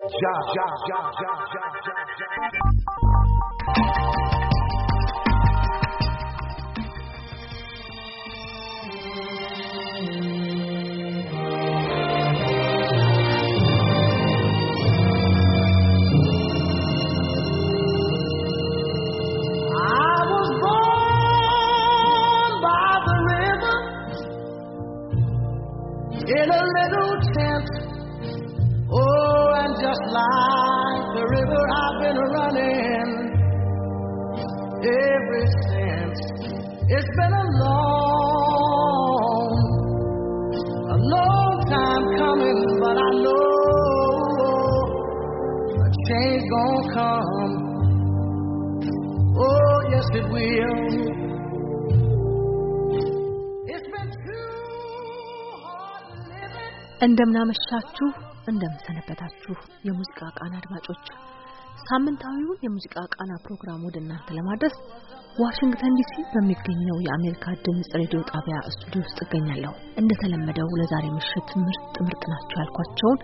job. job, job, job, job, job, job. It's been a long, a long time coming, but I know a change gonna come. Oh, yes, it will. It's been too hard to live it. እንደምናመሻችሁ እንደምንሰነበታችሁ የሙዚቃ ቃና አድማጮች ሳምንታዊውን የሙዚቃ ቃና ፕሮግራም ወደ እናንተ ለማድረስ ዋሽንግተን ዲሲ በሚገኘው የአሜሪካ ድምፅ ሬዲዮ ጣቢያ ስቱዲዮ ውስጥ እገኛለሁ። እንደተለመደው ለዛሬ ምሽት ምርጥ ምርጥ ናቸው ያልኳቸውን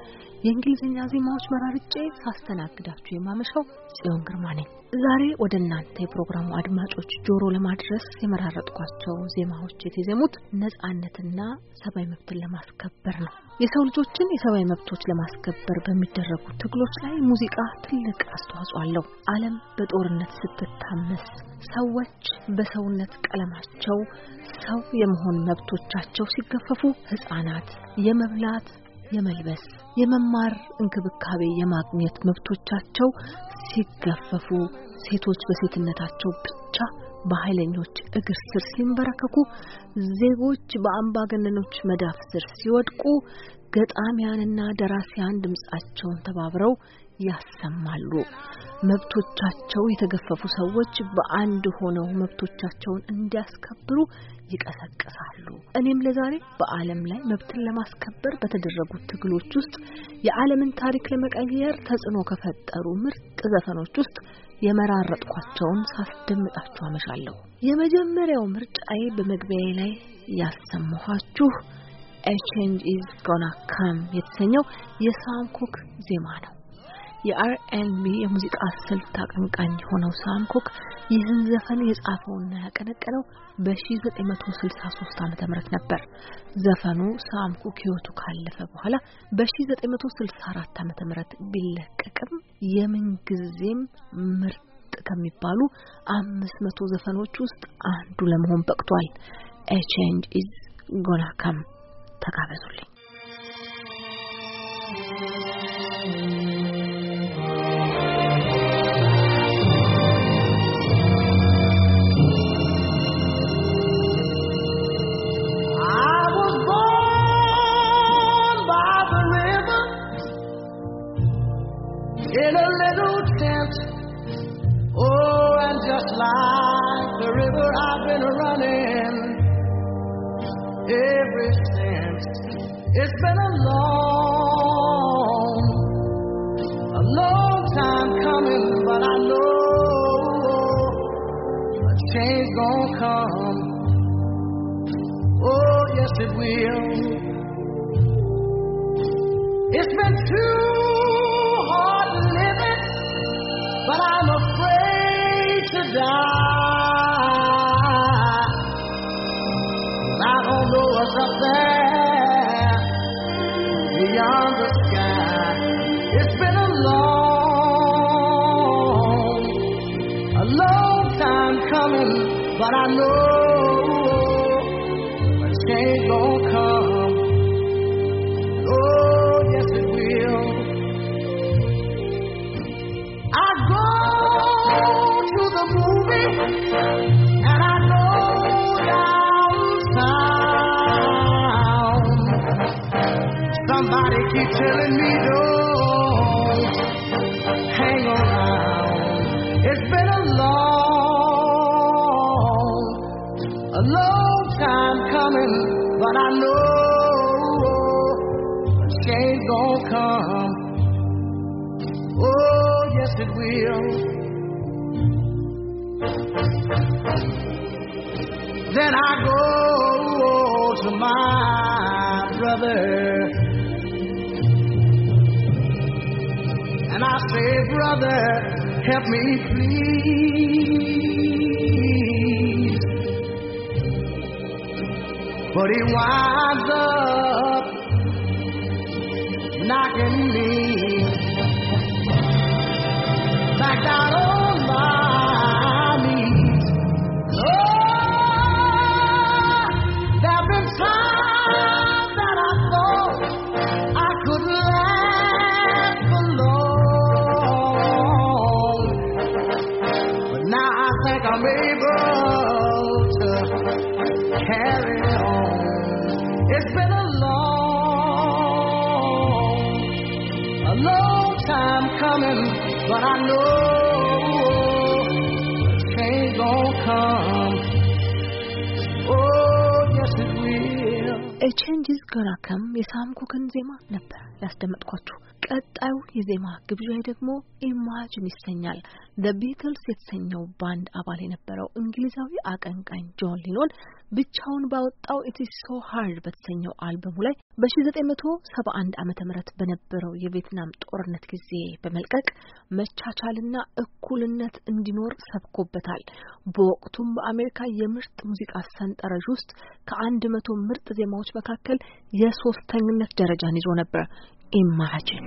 የእንግሊዝኛ ዜማዎች መራርጬ ሳስተናግዳችሁ የማመሻው ጽዮን ግርማ ነኝ። ዛሬ ወደ እናንተ የፕሮግራሙ አድማጮች ጆሮ ለማድረስ የመራረጥኳቸው ዜማዎች የተዜሙት ነጻነትና ሰብአዊ መብትን ለማስከበር ነው። የሰው ልጆችን የሰብአዊ መብቶች ለማስከበር በሚደረጉ ትግሎች ላይ ሙዚቃ ትልቅ አስተዋጽኦ አለው። ዓለም በጦርነት ስትታመስ ሰዎች በሰውነት ቀለማቸው ሰው የመሆን መብቶቻቸው ሲገፈፉ፣ ሕጻናት የመብላት የመልበስ፣ የመማር እንክብካቤ የማግኘት መብቶቻቸው ሲገፈፉ ሴቶች በሴትነታቸው ብቻ በኃይለኞች እግር ስር ሲንበረከኩ፣ ዜጎች በአምባገነኖች መዳፍ ስር ሲወድቁ፣ ገጣሚያንና ደራሲያን ድምጻቸውን ተባብረው ያሰማሉ። መብቶቻቸው የተገፈፉ ሰዎች በአንድ ሆነው መብቶቻቸውን እንዲያስከብሩ ይቀሰቅሳሉ። እኔም ለዛሬ በዓለም ላይ መብትን ለማስከበር በተደረጉት ትግሎች ውስጥ የዓለምን ታሪክ ለመቀየር ተጽዕኖ ከፈጠሩ ምርጥ ዘፈኖች ውስጥ የመራረጥኳቸውን ሳስደምጣችሁ አመሻለሁ። የመጀመሪያው ምርጫዬ በመግቢያዬ ላይ ያሰማኋችሁ ኤ ቼንጅ ኢዝ ጎና ካም የተሰኘው የሳምኮክ ዜማ ነው። የአርኤንቢ የሙዚቃ ስልት አቀንቃኝ የሆነው ሳንኮክ ይህን ዘፈን የጻፈውና ያቀነቀነው በ1963 ዓ ም ነበር። ዘፈኑ ሳንኮክ ህይወቱ ካለፈ በኋላ በ1964 ዓ ም ቢለቀቅም የምንጊዜም ምርጥ ከሚባሉ መቶ ዘፈኖች ውስጥ አንዱ ለመሆን በቅቷል። ኤ ቼንጅ ኢዝ ጎና ካም ተጋበዙልኝ። die. will. Then I go to my brother and I say, brother, help me please. But he winds up. a long time coming, but I know a change gon' come. Oh, yes it will. A change is gonna come. የሳምኩክን ዜማ ነበር ያስደመጥኳችሁ። ቀጣዩ የዜማ ግብዣ ደግሞ ኢማጅን ይሰኛል። ዘ ቢትልስ የተሰኘው ባንድ አባል የነበረው እንግሊዛዊ አቀንቃኝ ጆን ሊኖን ብቻውን ባወጣው ኢትስ ሶ ሃርድ በተሰኘው አልበሙ ላይ በ1971 ዓመተ ምህረት በነበረው የቬትናም ጦርነት ጊዜ በመልቀቅ መቻቻልና እኩልነት እንዲኖር ሰብኮበታል። በወቅቱም በአሜሪካ የምርጥ ሙዚቃ ሰንጠረዥ ውስጥ ከአንድ መቶ ምርጥ ዜማዎች መካከል የሶስተኝነት ደረጃን ይዞ ነበር። imagine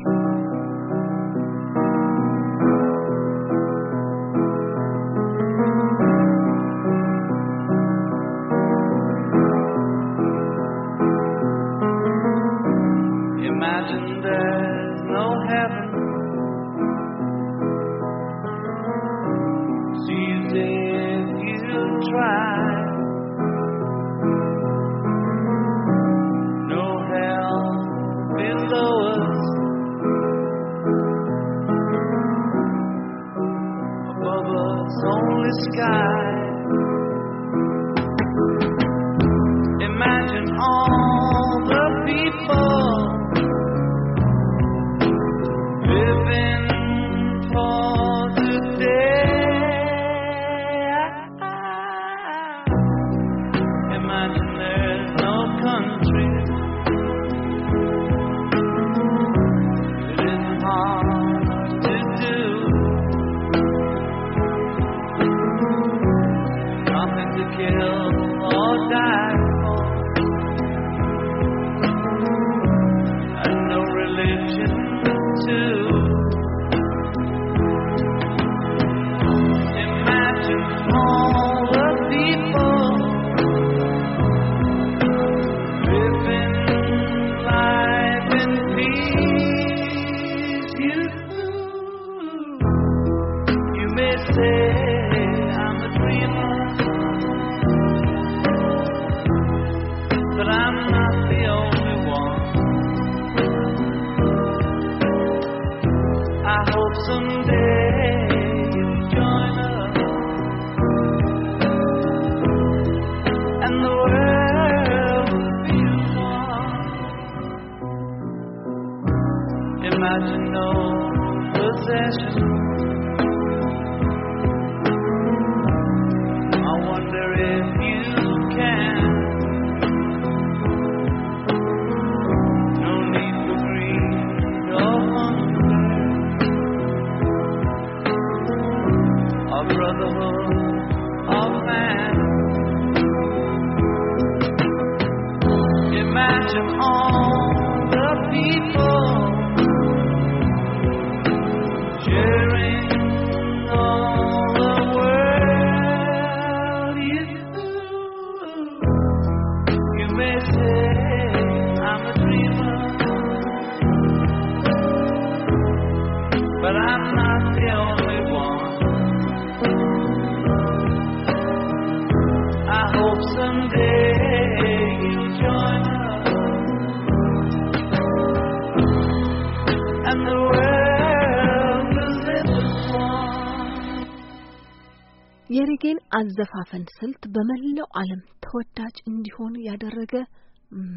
የሬጌን አዘፋፈን ስልት በመላው ዓለም ተወዳጅ እንዲሆን ያደረገ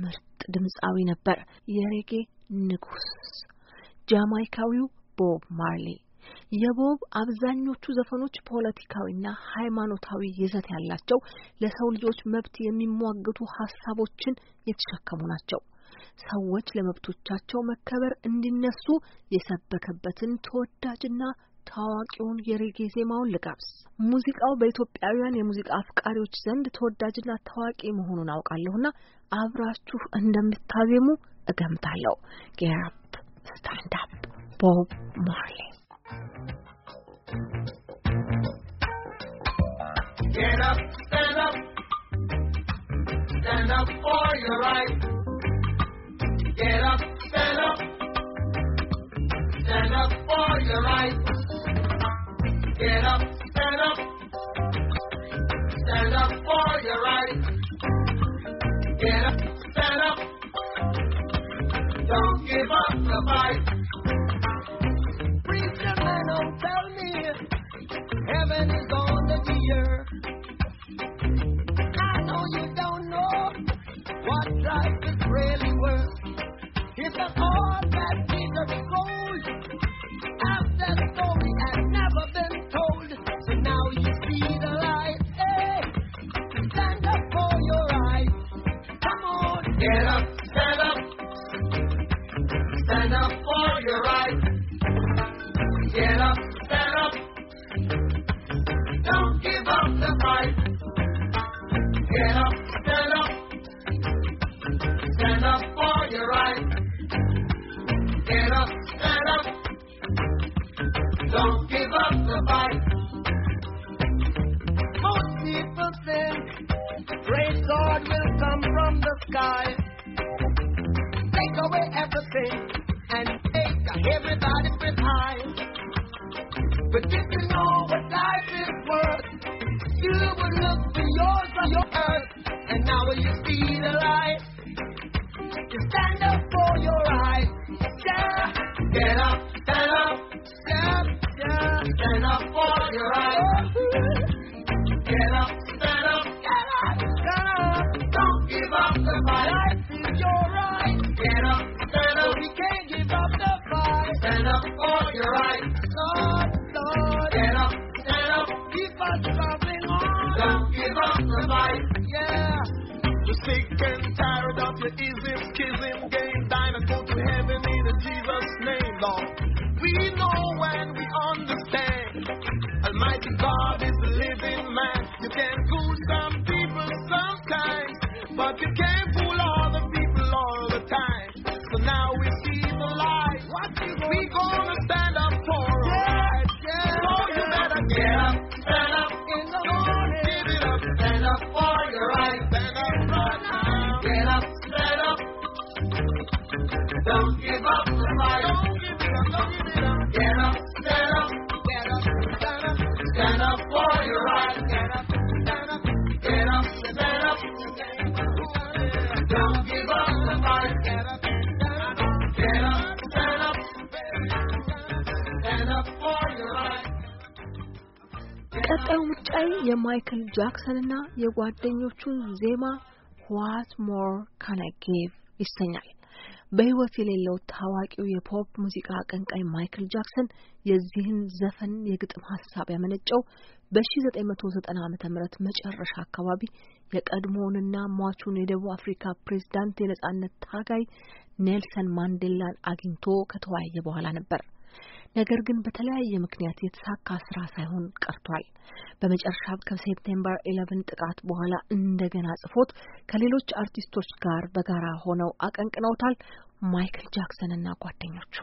ምርጥ ድምፃዊ ነበር። የሬጌ ንጉስ ጃማይካዊው ቦብ ማርሊ። የቦብ አብዛኞቹ ዘፈኖች ፖለቲካዊና ሃይማኖታዊ ይዘት ያላቸው፣ ለሰው ልጆች መብት የሚሟግቱ ሀሳቦችን የተሸከሙ ናቸው። ሰዎች ለመብቶቻቸው መከበር እንዲነሱ የሰበከበትን ተወዳጅና ታዋቂውን የሬጌ ዜማውን ልጋብዝ። ሙዚቃው በኢትዮጵያውያን የሙዚቃ አፍቃሪዎች ዘንድ ተወዳጅና ታዋቂ መሆኑን አውቃለሁና አብራችሁ እንደምታዜሙ እገምታለሁ። ጌራፕ ስታንዳፕ ቦብ ማርሌ Get up, stand up, stand up for your right. Get up, stand up, stand up for your right. Get up. Rock. is in game. Diamonds go to heaven in Jesus' name, Lord. We know and we understand. Almighty God is a living man. You can fool some people sometimes, but you can't. ቀጣይ የማይክል ጃክሰንና የጓደኞቹን ዜማ ዋት ሞር ካን አይ ጊቭ ይሰኛል። በሕይወት የሌለው ታዋቂው የፖፕ ሙዚቃ አቀንቃይ ማይክል ጃክሰን የዚህን ዘፈን የግጥም ሀሳብ ያመነጨው በ1990 ዓ.ም መጨረሻ አካባቢ የቀድሞውንና ሟቹን የደቡብ አፍሪካ ፕሬዝዳንት የነጻነት ታጋይ ኔልሰን ማንዴላን አግኝቶ ከተወያየ በኋላ ነበር። ነገር ግን በተለያየ ምክንያት የተሳካ ስራ ሳይሆን ቀርቷል። በመጨረሻም ከሴፕቴምበር 11 ጥቃት በኋላ እንደገና ጽፎት ከሌሎች አርቲስቶች ጋር በጋራ ሆነው አቀንቅነውታል ማይክል ጃክሰን እና ጓደኞቹ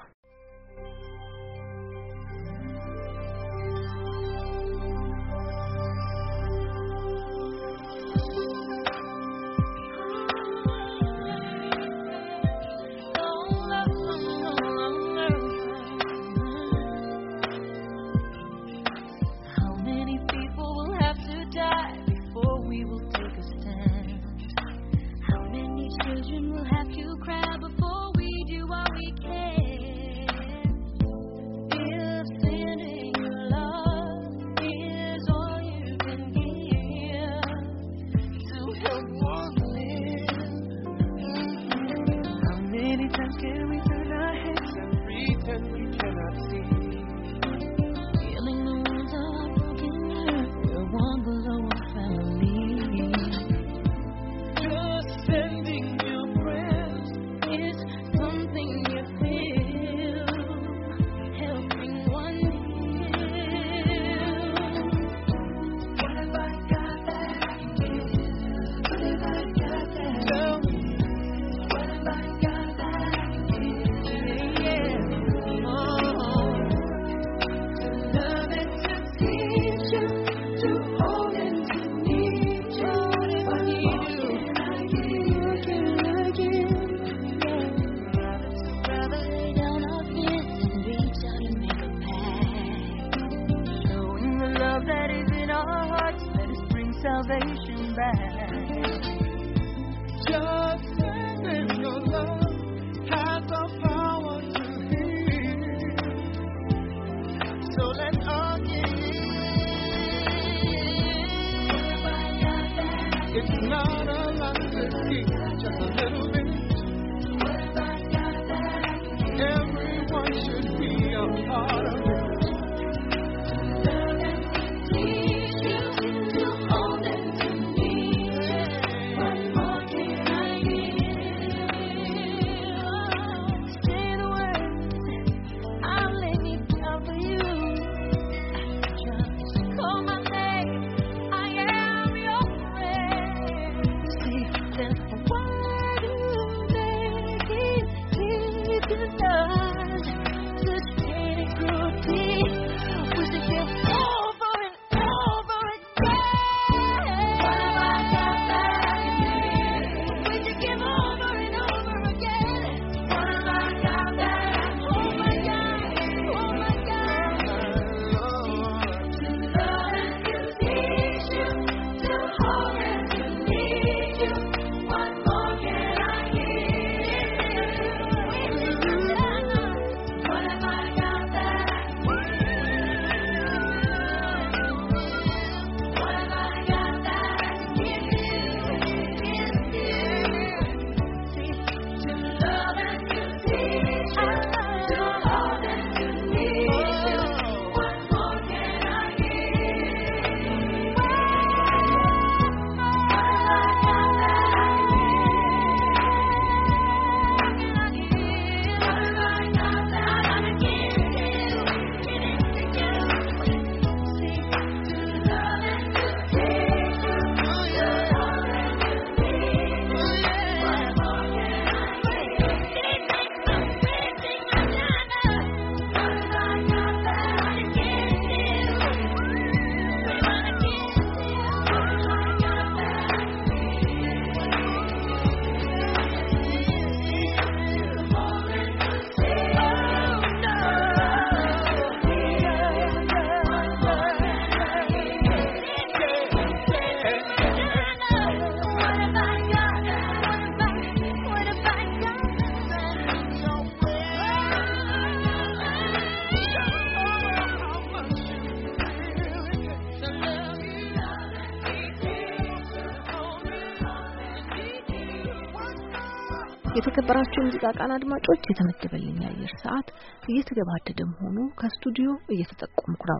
የተከበራቸው የሙዚቃ ቃና አድማጮች የተመደበልኝ አየር ሰዓት እየተገባደደ መሆኑ ከስቱዲዮ እየተጠቆምኩ ነው።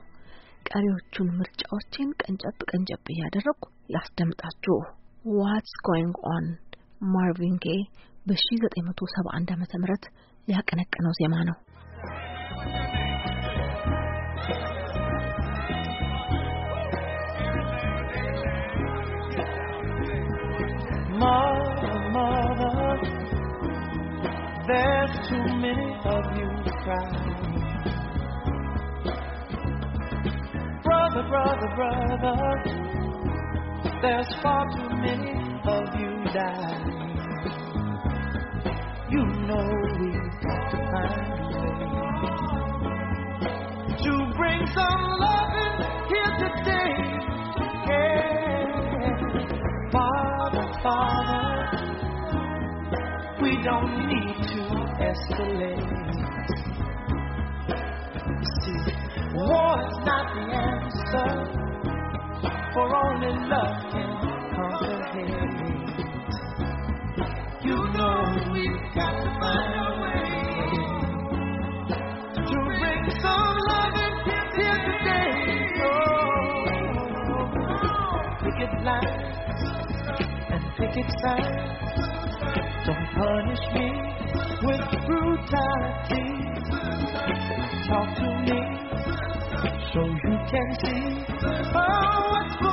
ቀሪዎቹን ምርጫዎቼን ቀንጨብ ቀንጨብ እያደረግኩ ላስደምጣችሁ። ዋትስ ጎይንግ ኦን ማርቪን ጌይ በ1971 ዓ.ም ያቀነቀነው ዜማ ነው። There's too many of you crying. Brother, brother, brother, there's far too many of you die. You know we've got to find a way to bring some escalate. You see, war is not the answer, for only love can conquer hate. You know we've got to find a way to bring some love and here today. Oh, picket lines and picket signs. Don't punish me with brutality. Talk to me so you can see oh, what's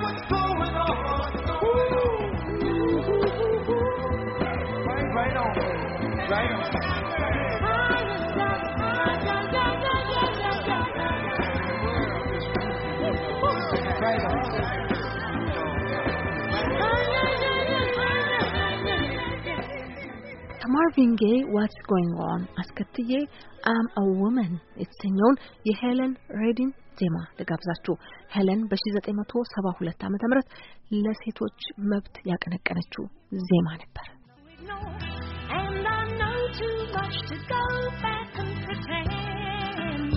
ማርቪን ጌ ዋትስ ጎይንግ ኦን አስከትዬ አም አ ውመን የተሰኘውን የሄለን ሬዲን ዜማ ልጋብዛችሁ። ሄለን በ1972 ዓ.ም ለሴቶች መብት ያቀነቀነችው ዜማ ነበር። too much to go back and pretend.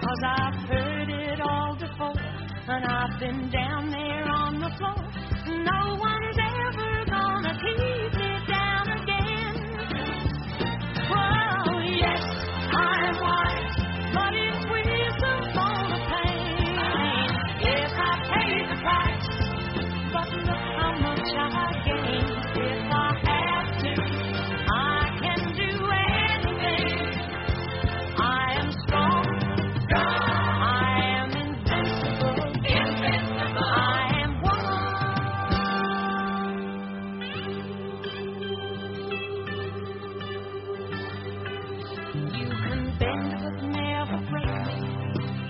Cause I've heard it all before, and I've been down there on the floor. No one's ever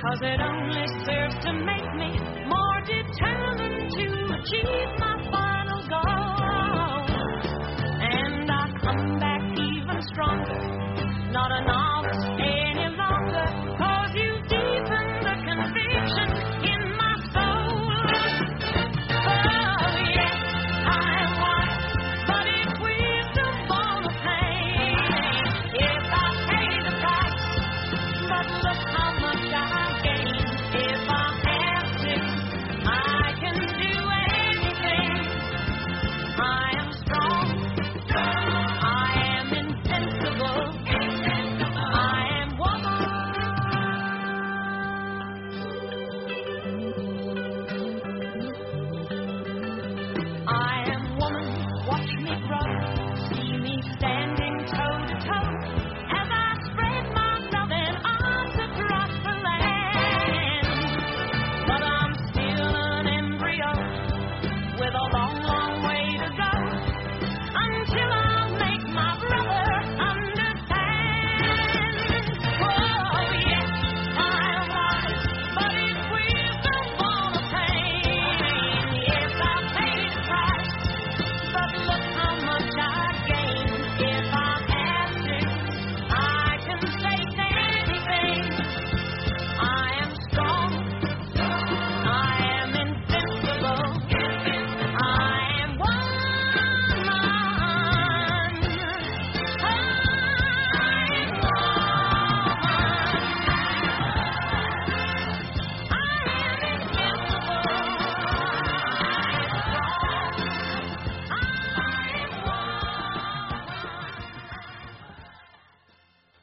Cause it only serves to make me more determined to achieve my final goal. And I come back even stronger, not an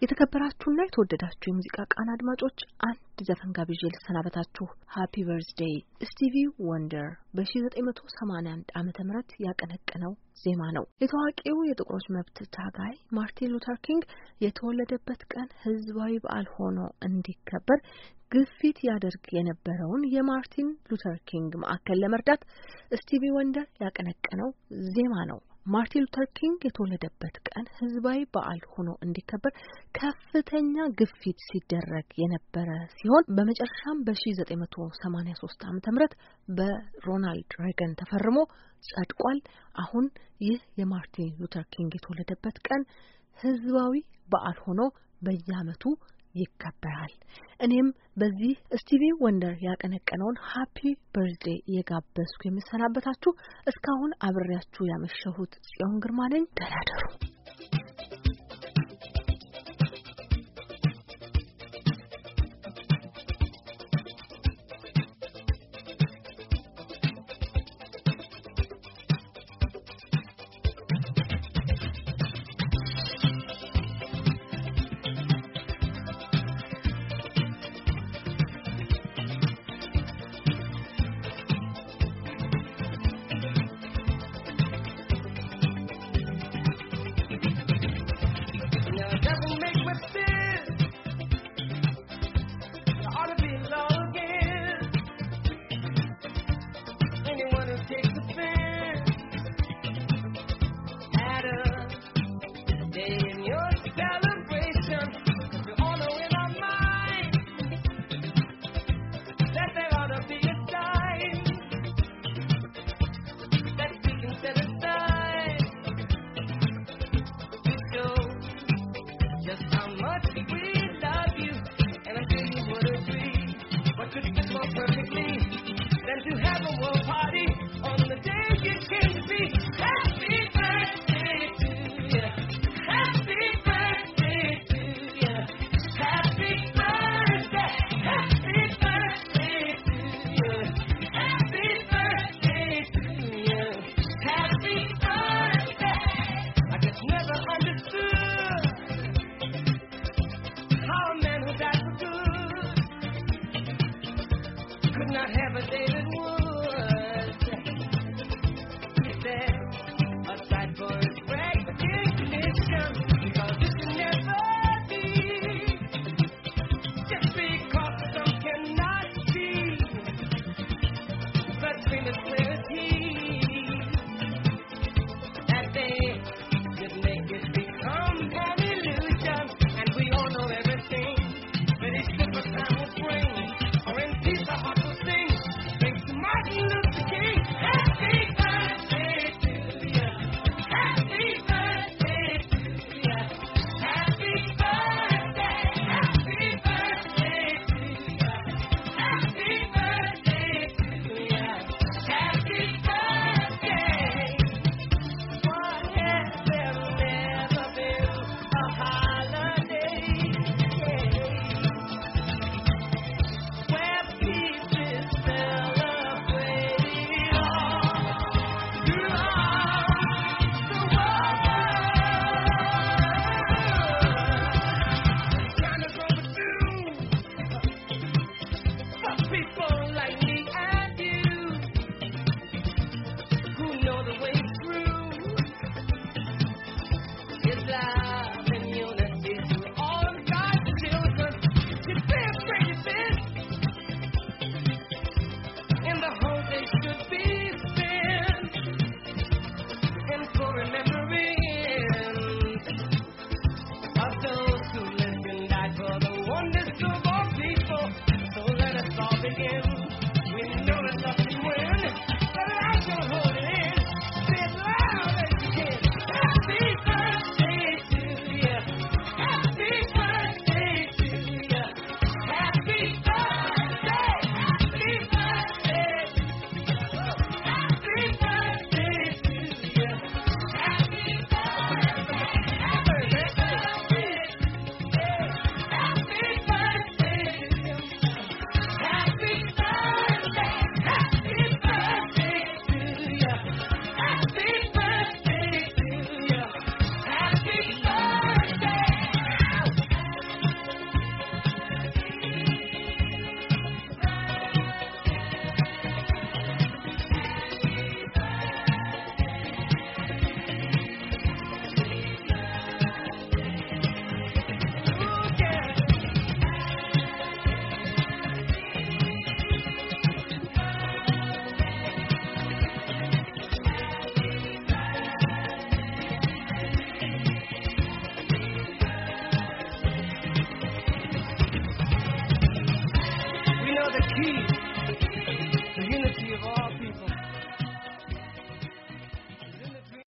የተከበራችሁና የተወደዳችሁ የሙዚቃ ቃና አድማጮች አንድ ዘፈን ጋብዤ ልሰናበታችሁ። ሃፒ በርዝዴይ ስቲቪ ወንደር በ1981 ዓ ም ያቀነቀነው ዜማ ነው። የታዋቂው የጥቁሮች መብት ታጋይ ማርቲን ሉተር ኪንግ የተወለደበት ቀን ህዝባዊ በዓል ሆኖ እንዲከበር ግፊት ያደርግ የነበረውን የማርቲን ሉተር ኪንግ ማዕከል ለመርዳት ስቲቪ ወንደር ያቀነቀነው ዜማ ነው። ማርቲን ሉተር ኪንግ የተወለደበት ቀን ህዝባዊ በዓል ሆኖ እንዲከበር ከፍተኛ ግፊት ሲደረግ የነበረ ሲሆን በመጨረሻም በ1983 ዓ ም በሮናልድ ሬገን ተፈርሞ ጸድቋል። አሁን ይህ የማርቲን ሉተር ኪንግ የተወለደበት ቀን ህዝባዊ በዓል ሆኖ በየአመቱ። ይከበራል። እኔም በዚህ ስቲቪ ወንደር ያቀነቀነውን ሀፒ በርዝዴ እየጋበዝኩ የምሰናበታችሁ እስካሁን አብሬያችሁ ያመሸሁት ጽዮን ግርማ ነኝ። ደህና ደሩ።